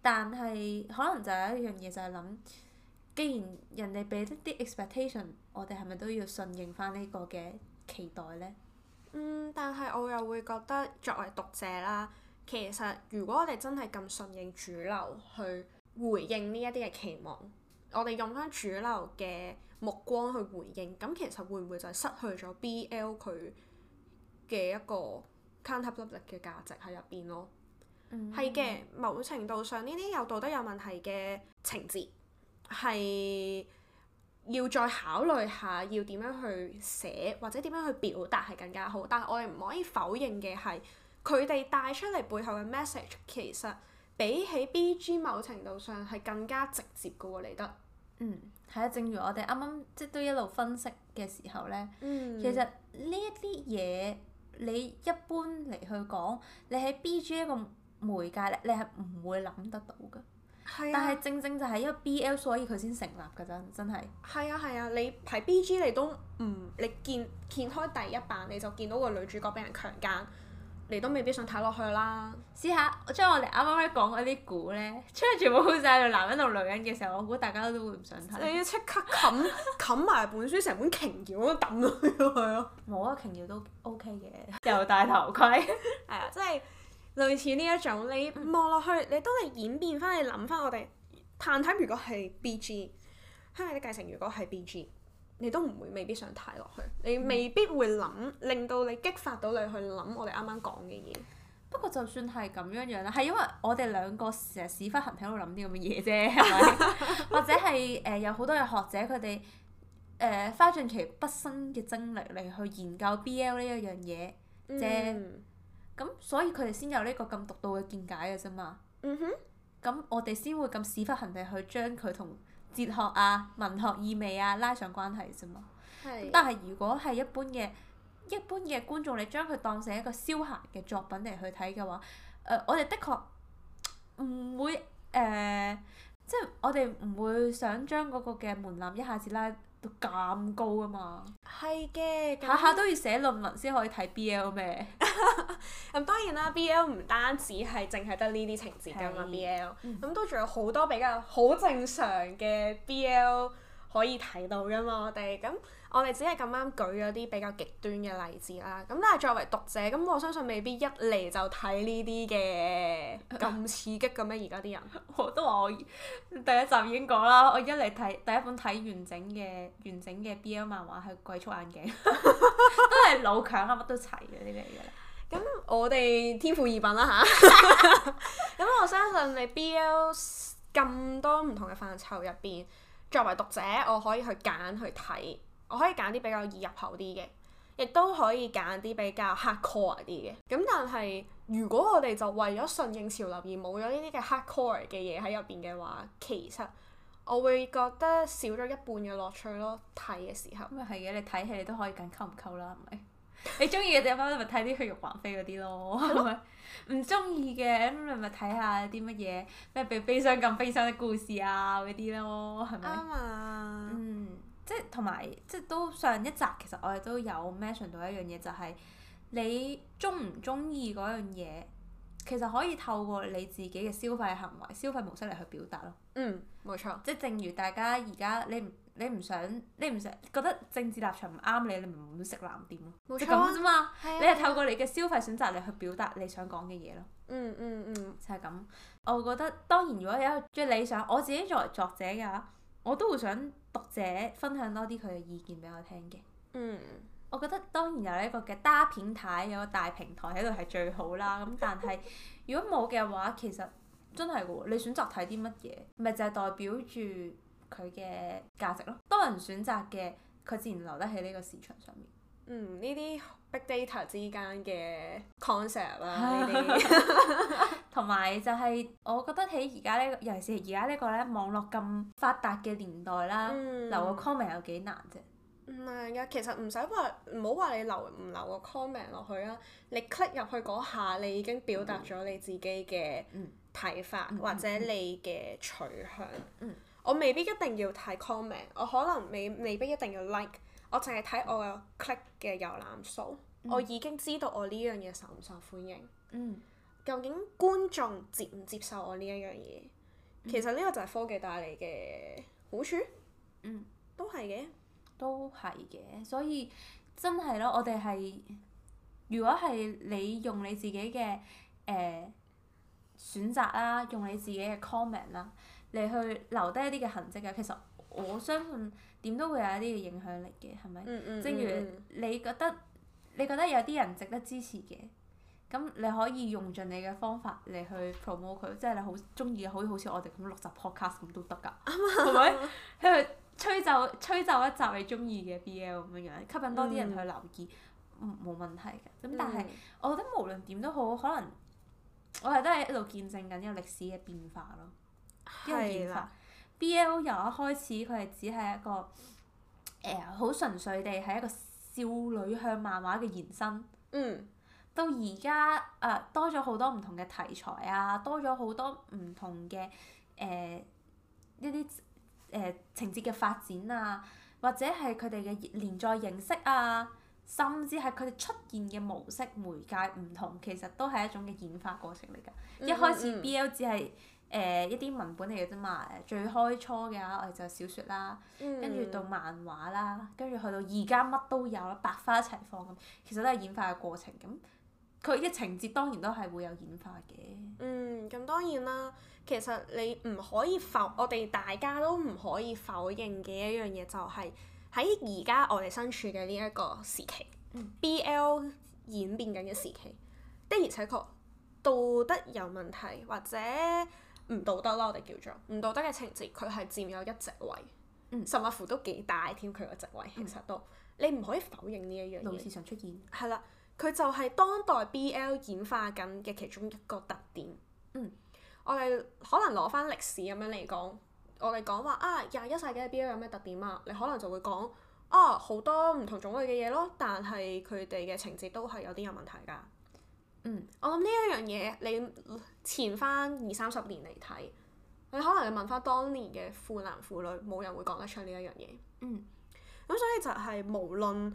S1: 但係可能就有一樣嘢，就係、是、諗，既然人哋俾一啲 expectation，我哋係咪都要順應返呢個嘅期待咧？
S2: 嗯，但係我又會覺得作為讀者啦。其實，如果我哋真係咁順應主流去回應呢一啲嘅期望，我哋用翻主流嘅目光去回應，咁其實會唔會就係失去咗 BL 佢嘅一個 c o u n t e r t o b l e 嘅價值喺入邊咯？嗯、mm，係、hmm. 嘅，某程度上呢啲有道德有問題嘅情節，係要再考慮下要點樣去寫，或者點樣去表達係更加好。但係我哋唔可以否認嘅係。佢哋帶出嚟背後嘅 message 其實比起 BG
S1: 某程度上係更加直接嘅喎嚟得。嗯，係啊，正如我哋啱啱即都一路分析嘅時候咧，嗯、其實呢一啲嘢你一般嚟去講，你喺 BG 一個媒介你係唔會諗得到嘅。啊、但係正正就係因為 BL 所以佢先成立嘅啫，真係。係啊係啊，
S2: 你喺 BG 你都唔、嗯、你見掀開第一版你就見到個女主角俾人強
S1: 奸。你都未必想睇落去啦，試下將我哋啱啱講嗰啲故咧，出佢 [LAUGHS] 全部好曬，男人同女人嘅時候，我估大家都會唔想睇。你要即刻冚冚
S2: 埋本書，成本瓊瑤咁抌落去咯。冇啊，瓊瑤都 OK 嘅。又戴頭盔。係 [LAUGHS] [LAUGHS] 啊，即係類似呢一種，你望落去，你都係演變翻，你諗翻我哋探睇，如果係 BG，香味的繼承，如果係 BG。你都唔會未必想睇落去，你未必會諗，嗯、令到你激發到你去諗我哋啱啱講嘅嘢。
S1: 不過就算係咁樣樣咧，係因為我哋兩個成日屎忽痕喺度諗啲咁嘅嘢啫，係咪？ [LAUGHS] 或者係誒、呃、有好多嘅學者佢哋誒花盡其畢生嘅精力嚟去研究 BL 呢一樣嘢啫。咁、嗯就是、所以佢哋先有呢個咁獨到嘅見解嘅啫嘛。嗯咁哼我哋先會咁屎忽痕地去將佢同。哲學啊，文學意味啊，拉上關係啫嘛。的但係如果係一般嘅一般嘅觀眾，你將佢當成一個消閒嘅作品嚟去睇嘅話，誒、呃，我哋的確唔會誒，即、呃、係、就是、我哋唔會想將嗰個嘅門檻一下子拉到咁高啊嘛。係嘅，下下都要寫論文先可以睇 BL 咩？ [LAUGHS]
S2: 咁當然啦，BL 唔單止係淨係得呢啲情節㗎嘛是，BL，咁都仲有好多比較好正常嘅 BL 可以睇到㗎嘛，我哋，咁我哋只係咁啱舉咗啲比較極端嘅例子啦。咁但係作為讀者，咁我相信未必一嚟就睇呢啲嘅，咁刺激嘅咩？而家啲人，
S1: 我都話我第一集已經講啦，我一嚟睇第一本睇完整嘅完整嘅 BL 漫畫係《鬼畜眼鏡》 [LAUGHS] 都老，都係腦強啊，乜都齊嘅呢啲嚟㗎啦。咁我哋天賦異品啦吓，咁、啊、 [LAUGHS] 我相信你
S2: BL 咁多唔同嘅範疇入邊，作為讀者，我可以去揀去睇，我可以揀啲比較易入口啲嘅，亦都可以揀啲比較黑 c o r e 啲嘅。咁但係如果我哋就為咗順應潮流而冇咗呢啲嘅黑 c o r e 嘅嘢喺入邊嘅話，其實我會覺得少咗一半嘅樂趣咯。睇
S1: 嘅時候，咁啊係嘅，你睇戲你都可以揀溝唔溝啦，係咪？你中意嘅地方咪睇啲血肉橫飛嗰啲咯，唔中意嘅咁咪咪睇下啲乜嘢，咩比悲傷更悲傷的故事啊嗰啲咯，係咪？啱啊吧！嗯，即係同埋即係都上一集，其實我哋都有 mention 到一樣嘢，就係、是、你中唔中意嗰樣嘢，其實可以透過你自己嘅消費行為、消費模式嚟去表達咯。嗯，冇錯。即係正如大家而家你唔。你唔想，你唔想，覺得政治立場唔啱你，你唔會食藍點咯，錯就咁啫嘛。啊、你係透過你嘅消費選擇嚟去表達你想講嘅嘢咯。嗯嗯嗯，就係咁。我覺得當然，如果有一個最理想，我自己作為作者嘅話，我都會想讀者分享多啲佢嘅意見俾我聽嘅。嗯，我覺得當然有一個嘅搭片睇有一個大平台喺度係最好啦。咁 [LAUGHS] 但係如果冇嘅話，其實真係嘅喎，你選擇睇啲乜嘢，咪就係代表住佢嘅價值咯，多人選擇嘅，佢自然留得喺呢個市場上面。嗯，呢啲 big data 之間嘅 concept 啊，呢啲同埋就係我覺得喺而家呢個，尤其是而家呢個咧網絡咁發達嘅年代啦，嗯、留個 comment 有幾難啫，
S2: 啊？唔係㗎，其實唔使話，唔好話你留唔留個 comment 落去啊，你 click 入去嗰下，你已經表達咗你自己嘅睇法或者你嘅取向。我未必一定要睇 comment，我可能未未必一定要 like，我淨係睇我嘅 click 嘅瀏覽數，嗯、我已經知道我呢樣嘢受唔受歡迎。嗯、究竟觀眾接唔接受我呢一樣嘢？嗯、
S1: 其實呢個就係科技帶嚟嘅好處。嗯、都係嘅，都係嘅，所以真係咯，我哋係如果係你用你自己嘅誒、呃、選擇啦，用你自己嘅 comment 啦。嚟去留低一啲嘅痕跡啊！其實我相信點都會有一啲嘅影響力嘅，係咪？正、嗯嗯、如你覺得、嗯、你覺得有啲人值得支持嘅，咁你可以用盡你嘅方法嚟去 promote 佢，即係你好中意好似我哋咁六集 podcast 咁都得㗎，係咪？去吹奏吹奏一集你中意嘅 BL 咁樣樣，吸引多啲人去留意，冇、嗯嗯嗯、問題嘅。咁但係我覺得無論點都好，可能我係都係一路見證緊呢個歷史嘅變化咯。一個演化，B.L. 由一開始佢係只係一個誒好純粹地係一個少女向漫畫嘅延伸，嗯，到而家啊多咗好多唔同嘅題材啊，多咗好多唔同嘅誒一啲誒情節嘅發展啊，或者係佢哋嘅連載形式啊，甚至係佢哋出現嘅模式媒介唔同，其實都係一種嘅演化過程嚟㗎。嗯嗯、一開始 B.L. 只係誒、呃、一啲文本嚟嘅啫嘛，最開初嘅、啊、我哋就小説啦，跟住、嗯、到漫畫啦，跟住去到而家乜都有啦，百花齊放咁，其實都係演化嘅過程。咁佢嘅情節當然都係會有演化嘅。
S2: 嗯，咁當然啦。其實你唔可以否，我哋大家都唔可以否認嘅一樣嘢，就係喺而家我哋身處嘅呢一個時期、嗯、BL 演變緊嘅時期，的而且確道德有問題或者，唔道德啦，我哋叫做唔道德嘅情節，佢係佔有一席位，嗯，甚或乎都幾大添，佢個席位其實都你唔可以否認呢一樣嘢。市場出現係啦，佢就係當代 BL 演化緊嘅其中一個特點。嗯，我哋可能攞翻歷史咁樣嚟講，我哋講話啊，廿一世紀嘅 BL 有咩特點啊？你可能就會講啊，好多唔同種類嘅嘢咯，但係佢哋嘅情節都係有啲有問題㗎。嗯，我諗呢一樣嘢，你前翻二三十年嚟睇，你可能問翻當年嘅腐男腐女，冇人會講得出呢一樣嘢。嗯，咁所以就係無論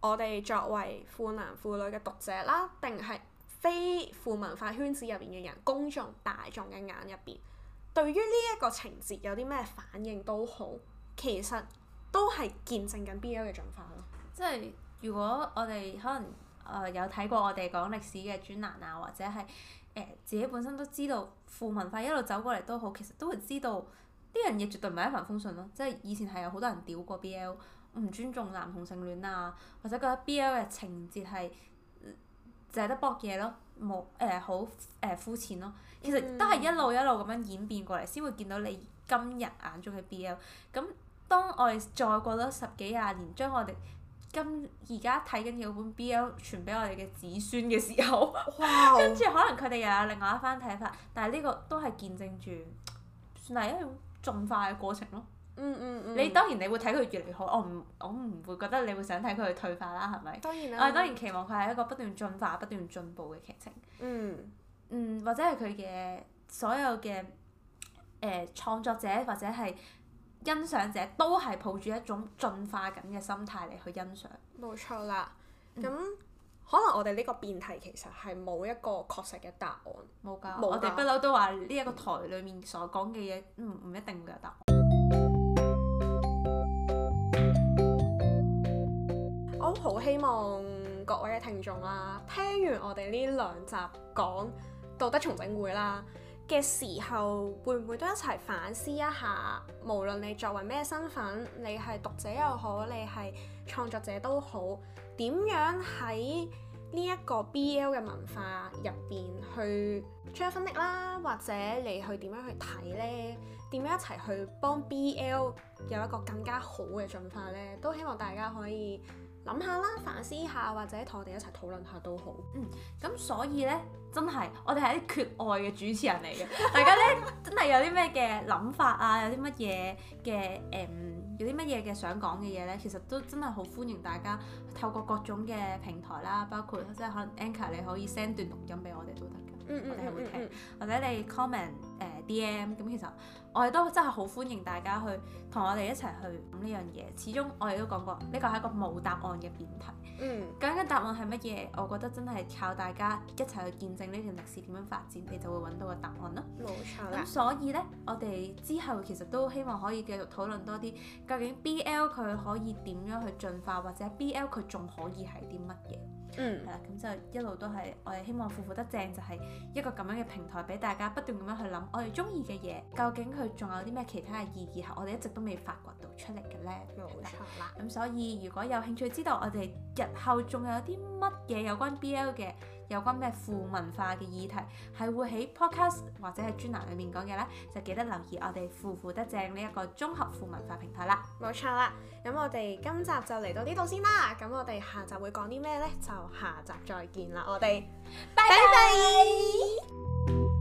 S2: 我哋作為腐男腐女嘅讀者啦，定係非腐文化圈子入邊嘅人，公眾大眾嘅眼入邊，對於呢一個情節有啲咩反應都好，其實都係見
S1: 證緊 BL 嘅進化咯。即係如果我哋可能。誒、呃、有睇過我哋講歷史嘅專欄啊，或者係誒、呃、自己本身都知道，腐文化一路走過嚟都好，其實都會知道啲人亦絕對唔係一帆風順咯。即係以前係有好多人屌過 BL，唔尊重男同性戀啊，或者覺得 BL 嘅情節係淨係得博嘢咯，冇誒好誒膚淺咯。其實都係一路一路咁樣演變過嚟，先會見到你今日眼中嘅 BL。咁當我哋再過多十幾廿年，將我哋，今而家睇緊嗰本 BL 傳俾我哋嘅子孫嘅時候，跟住 Wow. 可能佢哋又有另外一番睇法。但係呢個都係見證住，算係一種進化嘅過程咯。Mm, mm, mm. 你當然你會睇佢越嚟越好，我唔我唔會覺得你會想睇佢退化啦，係咪？當然啦。我當然期望佢係一個不斷進化、不斷進步嘅劇情。Mm. 嗯。或者係佢嘅所有嘅誒、呃、創作者，或者係。欣賞者都係抱住一種進化緊嘅心態嚟去欣賞。冇錯啦，咁、嗯、可能我哋呢個辯題其實係冇一個確實嘅答案。冇㗎的，的我哋不嬲都話呢一個台裡面所講嘅嘢唔唔一定會有答案。
S2: 我好希望各位嘅聽眾啦、啊，聽完我哋呢兩集講道德重整會啦。嘅時候會唔會都一齊反思一下？無論你作為咩身份，你係讀者又好，你係創作者都好，點樣喺呢一個 BL 嘅文化入邊去出一分力啦？或者你去點樣去睇呢？點樣一齊去幫 BL 有一個更加好嘅進化呢？都希望大家可以，諗下啦，反思下或者同我哋一齊討論下都好。
S1: 嗯，咁所以咧，真係我哋係啲缺愛嘅主持人嚟嘅。 [LAUGHS] 大家咧真係有啲咩嘅諗法啊，有啲乜嘢嘅誒，有啲乜嘢嘅想講嘅嘢咧，其實都真係好歡迎大家透過各種嘅平台啦，包括即係可能 Anchor 你可以 send 段錄音俾我哋都得㗎，嗯嗯，我哋係會聽，嗯嗯嗯或者你 comment 誒、呃。DM 咁其實我哋都真係好歡迎大家去同我哋一齊去諗呢樣嘢。始終我哋都講過呢個係一個冇答案嘅辯題。嗯，究竟答案係乜嘢？我覺得真係靠大家一齊去見證呢段歷史點樣發展，你就會揾到個答案囉。冇錯。咁所以呢，我哋之後其實都希望可以繼續討論多啲，究竟 BL 佢可以點樣去進化，或者 BL 佢仲可以係啲乜嘢？嗯， [NOISE] 嗯，係啦，咁就一路都係我哋希望腐腐得正，就係、是、一個咁樣嘅平台俾大家不斷咁樣去諗，我哋中意嘅嘢究竟佢仲有啲咩其他嘅意義係我哋一直都未發掘到出嚟嘅呢。冇錯啦。咁、 [NOISE] 嗯、所以如果有興趣知道我哋日後仲有啲乜嘢有關 BL 嘅，有關咩腐文化嘅議題係會喺 Podcast 或者係專欄裏面講嘅咧，就記得留意我哋腐腐得正呢一個綜合腐文化平台啦。冇錯啦，咁我哋
S2: 今集就嚟到呢度先啦。咁我哋下集會講啲咩咧？就下集再見啦。我哋
S1: 拜拜。拜拜。